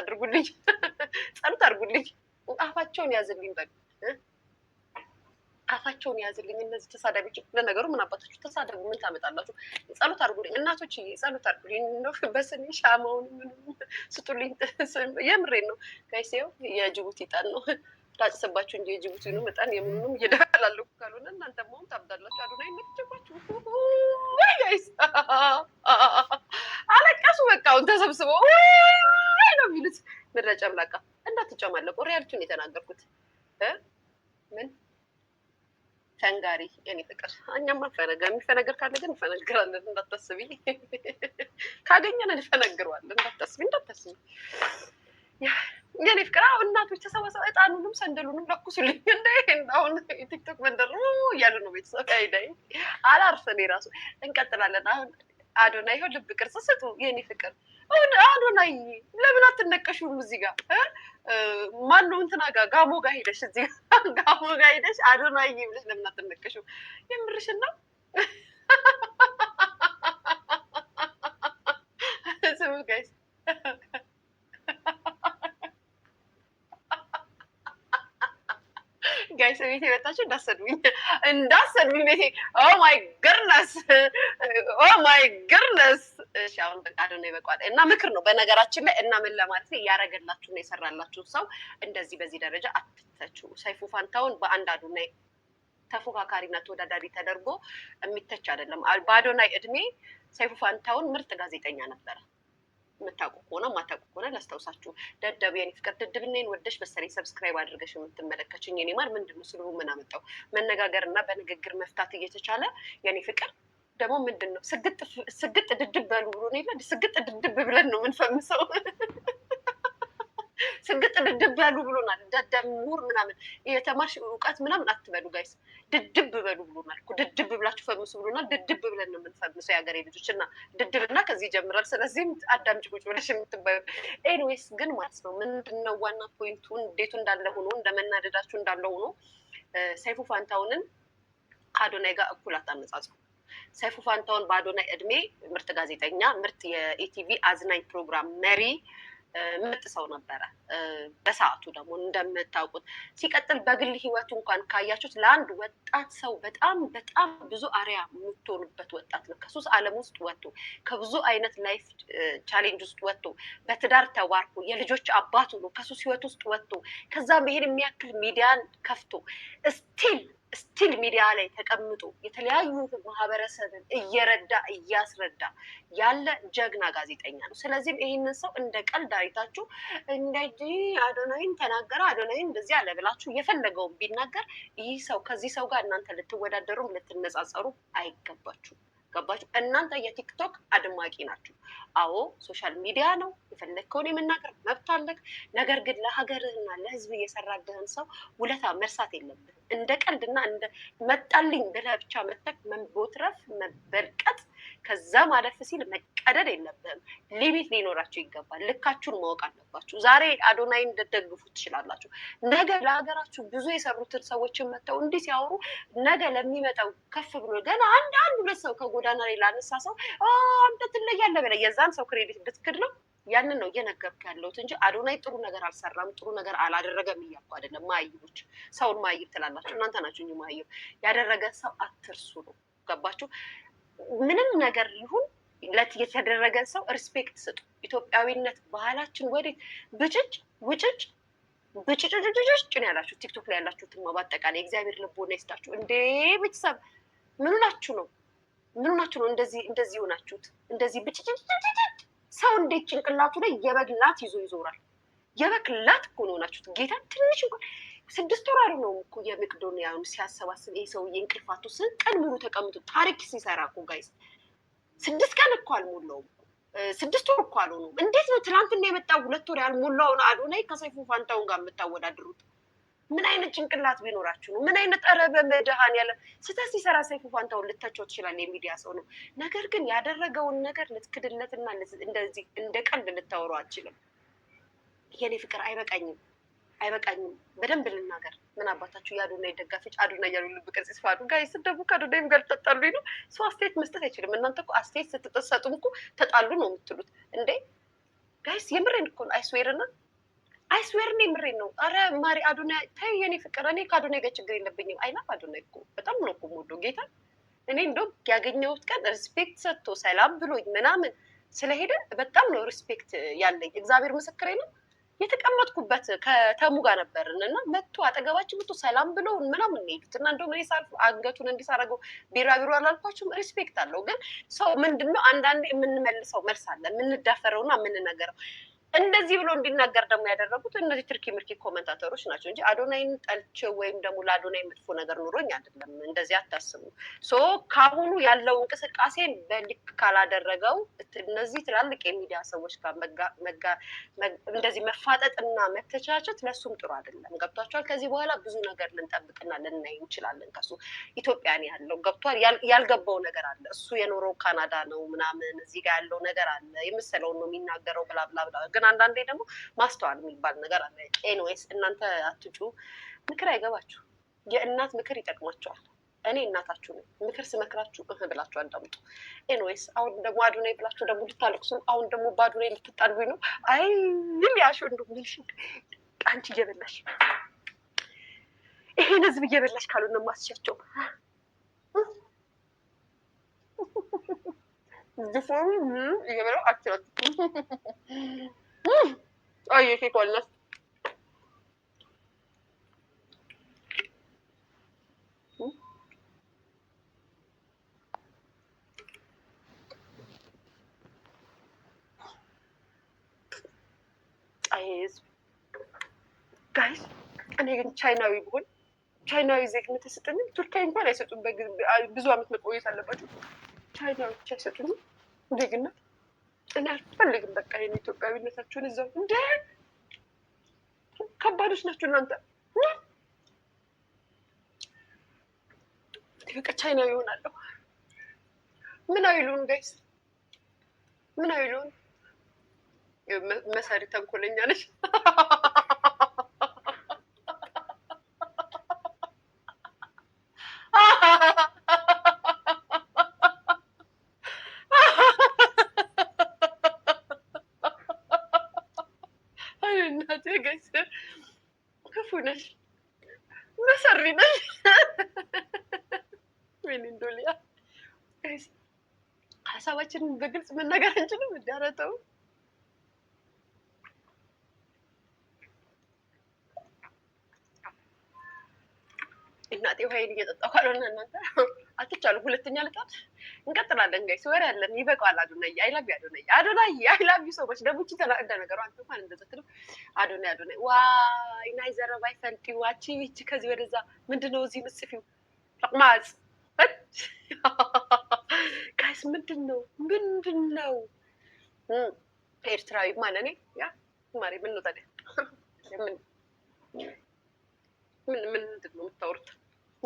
አድርጉልኝ፣ ጸሎት አድርጉልኝ፣ አፋቸውን ያዝልኝ፣ በሉ አፋቸውን ያዝልኝ። እነዚህ ተሳዳቢዎች ለነገሩ ምን አባታችሁ ተሳደቡ፣ ምን ታመጣላችሁ? ጸሎት አድርጉልኝ፣ እናቶች፣ ጸሎት አድርጉልኝ። ነው በስኒ ሻማውን ስጡልኝ። የምሬን ነው ጋይሴው የጅቡቲ ጠን ነው ታጭሰባችሁ እንጂ የጅቡቲ ነው እጣን የምኑንም እየደላለኩ ካልሆነ እናንተ መሆን ታብዳላችሁ። አዱና ይመቸባችሁ ጋይስ አለቀሱ። በቃ አሁን ተሰብስበው ያሉት ምድረ ጨምላቃ እንዳትጨማለቁ፣ ሪያልቱን የተናገርኩት ምን ተንጋሪ የኔ ፍቅር፣ እኛም አንፈነጋ። የሚፈነገር ካለ ግን እንፈነግራለን፣ እንዳታስቢ። ካገኘን እንፈነግረዋለን፣ እንዳታስቢ፣ እንዳታስቢ የኔ ፍቅር። አሁ እናቶች ተሰባሰብ እጣኑንም ሰንደሉንም ለኩሱልኝ። እንደ አሁን የቲክቶክ መንደር እያሉ ነው ቤተሰብ። ዳይ አላርፈን ራሱ። እንቀጥላለን አሁን አዶናይ ይኸው ልብ ቅርጽ ስጡ የኔ ፍቅር አዶናይ ለምን አትነቀሽ? እዚህ ጋር ማነው እንትና ጋር ጋሞ ጋ ሄደሽ እዚህ ጋሞ ጋ ሄደሽ አዶናይ ብለሽ ለምን አትነቀሽ? የምርሽና ስምጋይስ ጋይስ ቤት የመጣችሁ እንዳሰድቡኝ እንዳሰድቡኝ ቤቴ ኦ ማይ ገርነስ ኦ ማይ ግርነስ። እሺ አሁን ፈቃዱ ነው ይበቋል። እና ምክር ነው በነገራችን ላይ እና ምን ለማለት ነው እያረገላችሁ ነው የሰራላችሁ ሰው እንደዚህ በዚህ ደረጃ አትተቹ። ሰይፉ ፋንታውን በአንድ አዶናይ ተፎካካሪና ተወዳዳሪ ተደርጎ የሚተች አይደለም። በአዶናይ እድሜ ሰይፉ ፋንታውን ምርጥ ጋዜጠኛ ነበረ። የምታውቁ ከሆነ ማታውቁ ከሆነ ላስታውሳችሁ። ደደብ የኔ ፍቅር ድድብናን ወደሽ በሰሪ ሰብስክራይብ አድርገሽ የምትመለከችኝ የኔ ማር ምንድን ነው ስሉ ምን አመጣው መነጋገርና በንግግር መፍታት እየተቻለ የኔ ፍቅር ደግሞ ምንድን ነው ስግጥ ድድብ በሉ ብሎ ነው። ስግጥ ድድብ ብለን ነው የምንፈምሰው። ስግጥ ድድብ በሉ ብሎናል። ዳዳም ምሁር ምናምን የተማርሽ እውቀት ምናምን አትበሉ ጋይስ፣ ድድብ በሉ ብሎናል። ድድብ ብላችሁ ፈምሱ ብሎናል። ድድብ ብለን ነው የምንፈምሰው የሀገሬ ልጆች እና ድድብና ከዚህ ይጀምራል። ስለዚህም አዳምጪ ቁጭ ብለሽ የምትባዩ ኤኒዌይስ። ግን ማለት ነው ምንድነው ዋና ፖይንቱ እንዴቱ እንዳለ ሆኖ እንደመናደዳችሁ እንዳለ ሆኖ ሰይፉ ፋንታውንን ከአዶናይ ጋር እኩል አታነጻጽሩ። ሰይፉ ፋንታሁን በአዶናይ እድሜ ምርጥ ጋዜጠኛ፣ ምርጥ የኢቲቪ አዝናኝ ፕሮግራም መሪ፣ ምርጥ ሰው ነበረ። በሰዓቱ ደግሞ እንደምታውቁት ሲቀጥል በግል ህይወቱ እንኳን ካያችሁት ለአንድ ወጣት ሰው በጣም በጣም ብዙ አሪያ የምትሆኑበት ወጣት ነው። ከሱስ ዓለም ውስጥ ወጥቶ ከብዙ አይነት ላይፍ ቻሌንጅ ውስጥ ወጥቶ በትዳር ተባርኮ የልጆች አባት ሆኖ ከሱስ ህይወት ውስጥ ወጥቶ ከዛም ይሄን የሚያክል ሚዲያን ከፍቶ ስቲል ስቲል ሚዲያ ላይ ተቀምጦ የተለያዩ ማህበረሰብን እየረዳ እያስረዳ ያለ ጀግና ጋዜጠኛ ነው። ስለዚህም ይህንን ሰው እንደ ቀልድ አይታችሁ እንደዚህ አዶናይን ተናገረ አዶናይን እንደዚህ አለ ብላችሁ የፈለገውን ቢናገር ይህ ሰው ከዚህ ሰው ጋር እናንተ ልትወዳደሩም ልትነጻጸሩ አይገባችሁም። ገባችሁ? እናንተ የቲክቶክ አድማቂ ናችሁ። አዎ ሶሻል ሚዲያ ነው፣ የፈለግከውን የመናገር መብት አለህ። ነገር ግን ለሀገርህና ለህዝብ እየሰራልህን ሰው ውለታ መርሳት የለብህ። እንደ ቀልድና እንደ መጣልኝ ብለህ ብቻ መተክ መቦትረፍ መበርቀጥ ከዛ ማለፍ ሲል መቀደድ የለብህም። ሊሚት ሊኖራቸው ይገባል። ልካችሁን ማወቅ አለባችሁ። ዛሬ አዶናይን ልትደግፉ ትችላላችሁ። ነገ ለሀገራችሁ ብዙ የሰሩትን ሰዎችን መጥተው እንዲህ ሲያወሩ ነገ ለሚመጣው ከፍ ብሎ ገና አንድ አንድ ሁለት ሰው ከጎዳና ላይ ላነሳ ሰው አንተ ትለያለህ ብለህ የዛን ሰው ክሬዲት ብትክድ ነው ያንን ነው እየነገርኩ ያለሁት እንጂ አዶናይ ጥሩ ነገር አልሰራም፣ ጥሩ ነገር አላደረገም እያልኩ አይደለም። ማይቦች ሰውን ማይብ ትላላችሁ እናንተ ናችሁ። ማይብ ያደረገ ሰው አትርሱ ነው። ገባችሁ? ምንም ነገር ይሁን ለት የተደረገን ሰው ሪስፔክት ስጡ። ኢትዮጵያዊነት ባህላችን ወዴት ብጭጭ ውጭጭ ነው ያላችሁ ቲክቶክ ላይ ያላችሁትማ በአጠቃላይ እግዚአብሔር ልቦና ይስጣችሁ። እንዴ ቤተሰብ ምኑ ናችሁ ነው? ምኑ ናችሁ ነው? እንደዚህ እንደዚህ ሆናችሁት እንደዚህ ብጭጭጭጭጭ ሰው እንዴት ጭንቅላቱ ላይ የበግ ላት ይዞ ይዞራል? የበግ ላት እኮ ነው ሆናችሁት ጌታ ትንሽ እንኳን ስድስት ወር አልሆነውም እኮ የመቅዶኒያውን ሲያሰባስብ ይሄ ሰውዬ እንቅልፋቱ ስንት ቀን ሙሉ ተቀምጦ ታሪክ ሲሰራ እኮ ጋይስ ስድስት ቀን እኮ አልሞላውም። ስድስት ወር እኮ አልሆነውም። እንዴት ነው ትናንትና የመጣው ሁለት ወር ያልሞላውን አዶናይ ከሰይፉ ፋንታውን ጋር የምታወዳድሩት? ምን አይነት ጭንቅላት ቢኖራችሁ ነው? ምን አይነት ጠረበ መድሃን ያለ ስህተት ሲሰራ ሰይፉ ፋንታውን ልተቸው ትችላል፣ የሚዲያ ሰው ነው። ነገር ግን ያደረገውን ነገር ልትክድለትና እንደዚህ እንደ ቀልድ ልታወሩ አልችልም። የኔ ፍቅር አይበቃኝም። አይበቃኝም። በደንብ ልናገር። ምን አባታችሁ የአዶናይ ደጋፊዎች አዶናይ እያሉ ልብ ቅርጽ ይስፋሉ። ጋር ስደቡ ከአዶናይም ጋር ተጣሉኝ ነው። ሰው አስተያየት መስጠት አይችልም። እናንተ እኮ አስተያየት ስትጠሰጡም እኮ ተጣሉ ነው የምትሉት እንዴ? ጋይስ የምሬን እኮ አይስዌርና አይስዌርን የምሬን ነው። አረ ማሪ አዶናይ ተይ የኔ ፍቅር፣ እኔ ከአዶናይ ጋር ችግር የለብኝም። አይናፍ አዶናይ እኮ በጣም ነው እኮ ሞዶ ጌታ። እኔ እንደውም ያገኘሁት ቀን ሪስፔክት ሰጥቶ ሰላም ብሎኝ ምናምን ስለሄደ በጣም ነው ሪስፔክት ያለኝ። እግዚአብሔር ምስክሬ ነው። የተቀመጥኩበት ከተሙ ጋር ነበርን እና መጥቶ አጠገባችን መጥቶ ሰላም ብለው ምናምን እንሄዱት እና እንደውም እኔ ሳልፍ አንገቱን እንዲሳረገው ቢራቢሮ አላልኳችሁም። ሪስፔክት አለው ግን ሰው ምንድነው አንዳንዴ የምንመልሰው መልስ አለ የምንዳፈረውና የምንነገረው እንደዚህ ብሎ እንዲናገር ደግሞ ያደረጉት እነዚህ ትርኪ ምርኪ ኮመንታተሮች ናቸው እንጂ አዶናይን ጠልቼው ወይም ደግሞ ለአዶናይ መጥፎ ነገር ኑሮኝ አይደለም። እንደዚህ አታስቡ። ሶ ካሁኑ ያለው እንቅስቃሴ በልክ ካላደረገው እነዚህ ትላልቅ የሚዲያ ሰዎች ጋር እንደዚህ መፋጠጥና መተቻቸት ለሱም ጥሩ አይደለም። ገብቷቸዋል። ከዚህ በኋላ ብዙ ነገር ልንጠብቅና ልናይ እንችላለን። ከሱ ኢትዮጵያን ያለው ገብቷል። ያልገባው ነገር አለ። እሱ የኖረው ካናዳ ነው ምናምን እዚህ ጋር ያለው ነገር አለ የምሰለውን ነው የሚናገረው ብላ ብላ ብላ ግን አንዳንዴ ደግሞ ማስተዋል የሚባል ነገር አለ። ኤንዌይስ እናንተ አትጩ፣ ምክር አይገባችሁ። የእናት ምክር ይጠቅማቸዋል። እኔ እናታችሁ ነኝ። ምክር ስመክራችሁ እህ ብላችሁ አዳምጡ። ኤንዌይስ አሁን ደግሞ አዱኔ ብላችሁ ደግሞ ልታለቅሱ፣ አሁን ደግሞ በአዱኔ ልትጣሉኝ ነው። አይ ይል ያሹ እንዱ አንቺ እየበላሽ ይሄን ህዝብ እየበላሽ ካሉ ማስቻቸው ዝፎሩ እየበላው አችላችሁ Ay, iki kolla. ጋይስ እኔ ግን ቻይናዊ ብሆን ቻይናዊ ዜግነት አይሰጠኝም። ቱርካዊ እንኳን አይሰጡም። ብዙ አመት መቆየት አለባቸው። ቻይናዎች አይሰጡኝም ዜግነት እኔ አልፈልግም። በቃ ይህን ኢትዮጵያዊነታችሁን እዛው እንደ ከባዶች ናችሁ እናንተ። በቃ ቻይና ይሆናለሁ። ምን አይሉን ጋይስ፣ ምን አይሉን። መሳሪ ተንኮለኛ ነች። ክፉ ነሽ፣ መሰሪ ነሽ። ወይኔ ዶልያ ሀሳባችንን በግልጽ መናገር አንችልም። እንዳረተው እናቴ ውሀይን እየጠጣሁ ካልሆነ እናንተ አትቻሉ። ሁለተኛ ልጣት እንቀጥላለን። ጋይ ሲወር ያለን ይበቃል። አዶናይ አይላቢ አዶናይ አዶናይ አይላቢ ሰዎች ደግሞ ቺ ነገሩ አንተ እንኳን እንደዛ አዶናይ አዶናይ ዋይ ናይ ዘረባይ ፈንቲ ዋቺ ይቺ ከዚህ ወደዛ ምንድነው እዚህ ምጽፊው ጠቅማጽ ጋይስ ምንድን ነው ምንድን ነው ኤርትራዊ ማለኔ ያ ማሪ ምን ነው ታዲያ ምን ምንድን ነው የምታወሩት?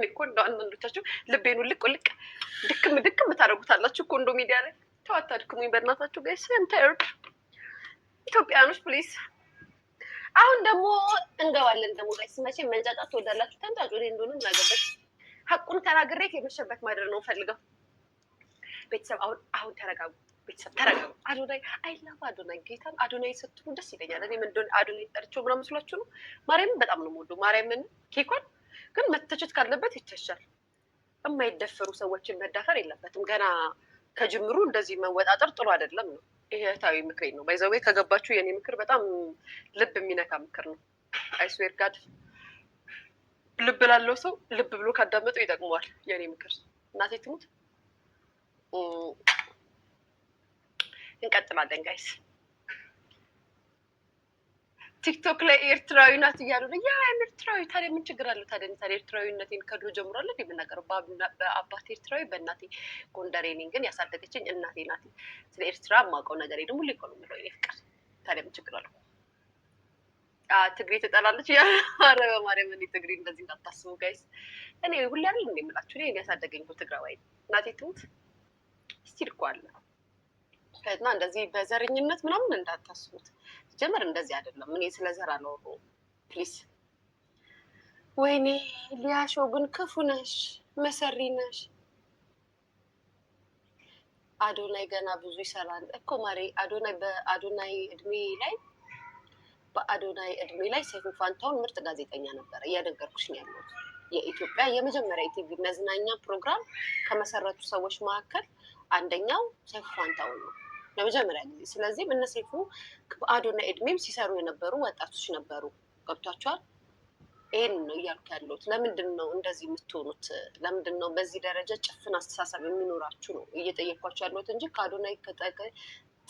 እኮ እንደው አንዳንዶቻችሁ ልቤን ውልቅ ውልቅ ድክም ድክም ታደርጉታላችሁ እኮ እንደው ሚዲያ ላይ ተው አታድክሙኝ፣ በእናታችሁ ጋይስ ንታርድ ኢትዮጵያኖች ፕሊዝ። አሁን ደግሞ እንገባለን ደግሞ ጋይስ። ስመቼ መንጫጫ ትወዳላችሁ? ተንጫጩ። እኔ እንደሆነ እናገበት ሀቁን ተናግሬ የመሸበት ማድረግ ነው ፈልገው ቤተሰብ አሁን አሁን ተረጋጉ። ቤተሰብ ተረጋጉ። አዶናይ አይ ላቭ አዶናይ ጌታን አዶናይ ስትሉ ደስ ይለኛል። እኔ ምን አዶናይ ጠርቼው ምናምን መስሏችሁ ነው። ማርያምን በጣም ነው የምወደው። ማርያምን ኬኳን ግን መተቸት ካለበት ይተቻል። የማይደፈሩ ሰዎችን መዳፈር የለበትም። ገና ከጅምሩ እንደዚህ መወጣጠር ጥሩ አይደለም ነው። ይሄ እህታዊ ምክሬ ነው። ባይዘዌ ከገባችሁ የኔ ምክር በጣም ልብ የሚነካ ምክር ነው። አይስዌር ጋድ ልብ ላለው ሰው ልብ ብሎ ካዳመጠው ይጠቅመዋል። የኔ ምክር እናቴ ትሙት። እንቀጥላለን ጋይስ። ቲክቶክ ላይ ኤርትራዊ ናት እያሉ ነው። ያ ኤርትራዊ ታዲያ ምን ችግር አለው ታዲያ? ታዲያ ኤርትራዊነቴን ከድሮ ጀምሯል የምናገረው በአባት ኤርትራዊ፣ በእናቴ ጎንደሬ። እኔን ግን ያሳደገችኝ እናቴ ናት። ስለ ኤርትራ የማውቀው ነገር ደግሞ ሊቆሉ ምለው እኔ ፍቅር ታዲያ ምን ችግር አለው? ትግሬ ትጠላለች ያ ኧረ በማርያም እኔ ትግሬ እንደዚህ እንዳታስቡ ጋይስ። እኔ ሁሌ አይደል እንደምላችሁ እኔ ያሳደገኝ ትግራዋይ እናቴ ትሙት ስቲል እኮ አለ እና እንደዚህ በዘረኝነት ምናምን እንዳታስቡት። ጀመር እንደዚህ አይደለም። እኔ ስለ ዘር አላወራሁም። ፕሊስ። ወይኔ ሊያሾ ግን ክፉ ነሽ፣ መሰሪ ነሽ። አዶናይ ገና ብዙ ይሰራል እኮ ማሪ። አዶናይ በአዶናይ እድሜ ላይ በአዶናይ እድሜ ላይ ሰይፉ ፋንታሁን ምርጥ ጋዜጠኛ ነበረ። እያደገርኩሽ ነው ያለሁት። የኢትዮጵያ የመጀመሪያ ቲቪ መዝናኛ ፕሮግራም ከመሰረቱ ሰዎች መካከል አንደኛው ሰይፉ ፋንታሁን ነው። ለመጀመሪያ ጊዜ። ስለዚህም እነ ሰይፉ አዶና ኤድሜም ሲሰሩ የነበሩ ወጣቶች ነበሩ። ገብቷቸዋል። ይሄን ነው እያልኩ ያለሁት። ለምንድን ነው እንደዚህ የምትሆኑት? ለምንድን ነው በዚህ ደረጃ ጭፍን አስተሳሰብ የሚኖራችሁ ነው እየጠየኳቸው ያለሁት እንጂ ከአዶና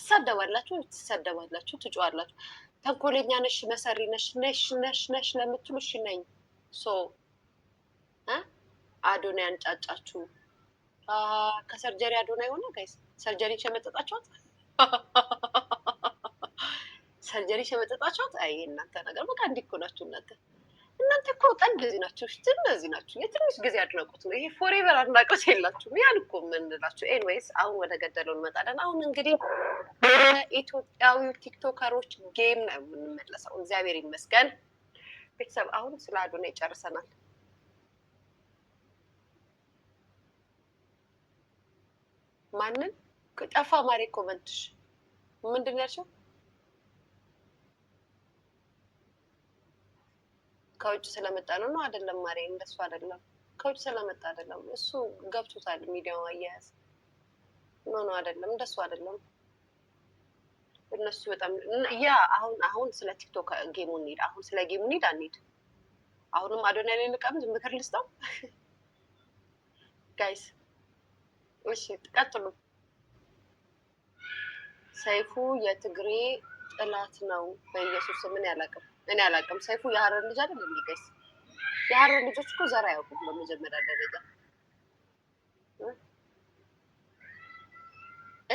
ትሳደባላችሁ፣ ትሳደባላችሁ፣ ትጮዋላችሁ። ተንኮለኛ ነሽ፣ መሰሪ ነሽ፣ ነሽ ነሽ ነሽ ለምትሉ እሺ ነኝ። ሶ አዶና ያንጫጫችሁ ከሰርጀሪ አዶና የሆነ ጋይስ ሰርጀሪ ሸመጠጣችኋት ሰርጀሪ ሸመጠጣቸውት አይ እናንተ ነገር በቃ እንዲህ እኮ ናችሁ እናንተ እናንተ እኮ በቃ እንደዚህ ናችሁ ሽ እነዚህ ናችሁ። የትንሽ ጊዜ አድናቆት ነው ይሄ፣ ፎሬቨር አድናቆት የላችሁም። ያን እኮ የምንላችሁ። ኤንዌይስ አሁን ወደ ገደለው እንመጣለን። አሁን እንግዲህ ኢትዮጵያዊ ቲክቶከሮች ጌም ነው የምንመለሰው። እግዚአብሔር ይመስገን ቤተሰብ። አሁን ስለ አዶናይ ጨርሰናል። ማንን ጠፋ ማሬ። ኮመንትሽ ምንድን ነው ያልሽው? ከውጭ ስለመጣ ነው ነው አይደለም? ማሬ እንደሱ አይደለም። ከውጭ ስለመጣ አይደለም። እሱ ገብቶታል። ሚዲያው አያያዝ ነው ነው አይደለም። እንደሱ አይደለም። እነሱ በጣም ያ አሁን አሁን ስለ ቲክቶክ ጌሙ እንሂድ። አሁን ስለ ጌሙ እንሂድ አንሂድ። አሁንም አዶና ላይ ልቀምት፣ ምክር ልስጠው ጋይስ። እሺ ቀጥሉ። ሰይፉ የትግሬ ጥላት ነው። በኢየሱስ ምን ያላቅም እኔ አላቅም። ሰይፉ የሀረር ልጅ አይደል እንዲገይስ የሀረር ልጆች እኮ ዘር አያውቁም በመጀመሪያ ደረጃ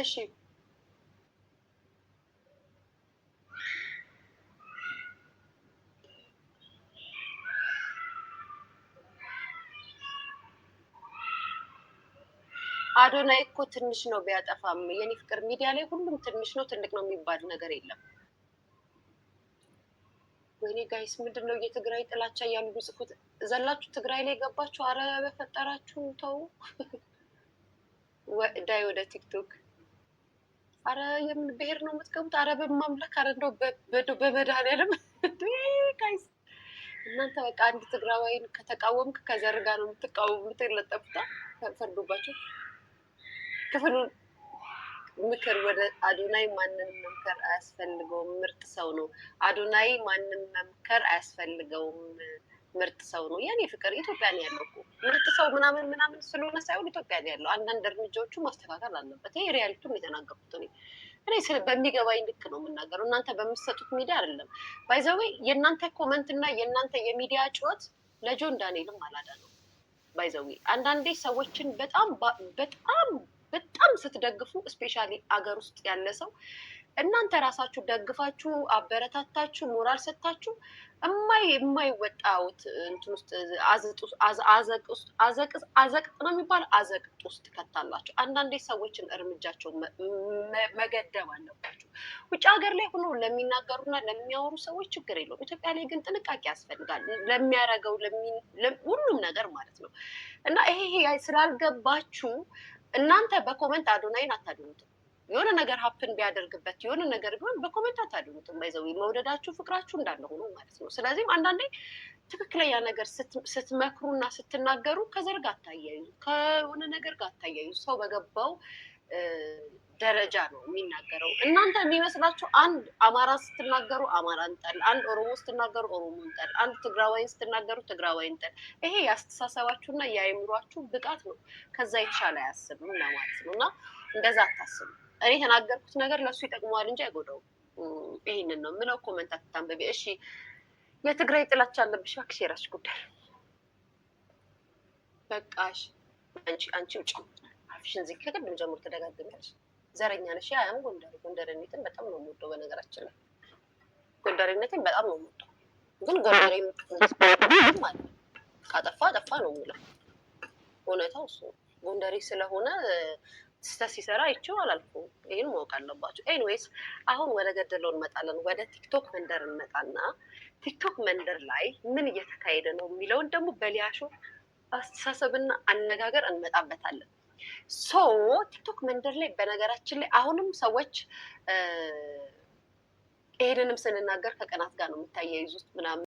እሺ አዶናይ እኮ ትንሽ ነው ቢያጠፋም፣ የኔ ፍቅር ሚዲያ ላይ ሁሉም ትንሽ ነው ትልቅ ነው የሚባል ነገር የለም። ወይኔ ጋይስ ምንድን ነው የትግራይ ጥላቻ እያሉ የሚጽፉት? ዘላችሁ ትግራይ ላይ ገባችሁ? አረ በፈጠራችሁ ተው። ዳይ ወደ ቲክቶክ አረ የምን ብሄር ነው የምትገቡት? አረ በማምለክ አረ እንደው በመድኃኒዓለም ጋይስ እናንተ በቃ አንድ ትግራዋይን ከተቃወምክ ከዘርጋ ነው የምትቃወሙት። ለጠፉታ ፈርዶባቸው ክፍል ምክር ወደ አዶናይ ማንም መምከር አያስፈልገውም፣ ምርጥ ሰው ነው። አዶናይ ማንም መምከር አያስፈልገውም፣ ምርጥ ሰው ነው። የኔ ፍቅር ኢትዮጵያ ነው ያለው እኮ ምርጥ ሰው ምናምን ምናምን ስለሆነ ሳይሆን ኢትዮጵያ ነው ያለው። አንዳንድ እርምጃዎቹ ማስተካከል አለበት። ይሄ ሪያሊቱም የተናገርኩት እኔ እኔ በሚገባኝ ልክ ነው የምናገረው። እናንተ በምትሰጡት ሚዲያ አይደለም። ባይዘዌ የእናንተ ኮመንት እና የእናንተ የሚዲያ ጩኸት ለጆን ዳንኤልም አላዳ ነው። ባይዘዌ አንዳንዴ ሰዎችን በጣም በጣም በጣም ስትደግፉ እስፔሻሊ አገር ውስጥ ያለ ሰው እናንተ ራሳችሁ ደግፋችሁ አበረታታችሁ ሞራል ሰጥታችሁ እማይ የማይወጣውት እንትን ውስጥ አዘቅጥ ነው የሚባል አዘቅጥ ውስጥ ከታላችሁ። አንዳንዴ ሰዎችን እርምጃቸውን መገደብ አለባችሁ። ውጭ ሀገር ላይ ሆኖ ለሚናገሩና ለሚያወሩ ሰዎች ችግር የለውም። ኢትዮጵያ ላይ ግን ጥንቃቄ ያስፈልጋል፣ ለሚያረገው ሁሉም ነገር ማለት ነው እና ይሄ ስላልገባችሁ እናንተ በኮመንት አዶናይን አታድኑትም። የሆነ ነገር ሀፕን ቢያደርግበት የሆነ ነገር ቢሆን በኮመንት አታድኑትም። ይዘው መውደዳችሁ ፍቅራችሁ እንዳለ ሆኖ ማለት ነው። ስለዚህም አንዳንዴ ትክክለኛ ነገር ስትመክሩና ስትናገሩ ከዘር ጋር አታያዩ፣ ከሆነ ነገር ጋር አታያዩ። ሰው በገባው ደረጃ ነው የሚናገረው። እናንተ የሚመስላችሁ አንድ አማራ ስትናገሩ አማራን ጠል፣ አንድ ኦሮሞ ስትናገሩ ኦሮሞን ጠል፣ አንድ ትግራዋይን ስትናገሩ ትግራዋይን ጠል። ይሄ የአስተሳሰባችሁና የአእምሯችሁ ብቃት ነው። ከዛ የተሻለ አያስብም ለማለት ነው። እና እንደዛ አታስቡ። እኔ የተናገርኩት ነገር ለእሱ ይጠቅመዋል እንጂ አይጎዳውም። ይህንን ነው ምለው። ኮመንት አትታንበቢ እሺ። የትግራይ ጥላቻ አለብሽ እባክሽ፣ የራስሽ ጉዳይ በቃሽ። አንቺ አንቺ ውጭ አፍሽን ዝጊ። ከቅድም ጀምሮ ተደጋግሚያለሽ። ዘረኛ ነሽ። ያም ጎንደሬ ጎንደሬነትን በጣም ነው የምወደው። በነገራችን ላይ ጎንደሬነትን በጣም ነው የምወደው፣ ግን ጎንደሬ ማለት ካጠፋ ጠፋ ነው የሚለው እውነታው እሱ ጎንደሬ ስለሆነ ስህተት ሲሰራ ይችው አላልኩ። ይህን ማወቅ አለባቸው። ኤኒዌይስ አሁን ወደ ገደለው እንመጣለን። ወደ ቲክቶክ መንደር እንመጣና ቲክቶክ መንደር ላይ ምን እየተካሄደ ነው የሚለውን ደግሞ በሊያሾ አስተሳሰብና አነጋገር እንመጣበታለን። ሶ ቲክቶክ መንደር ላይ በነገራችን ላይ አሁንም ሰዎች ይሄንንም ስንናገር ከቀናት ጋር ነው የምታያይዙት ምናምን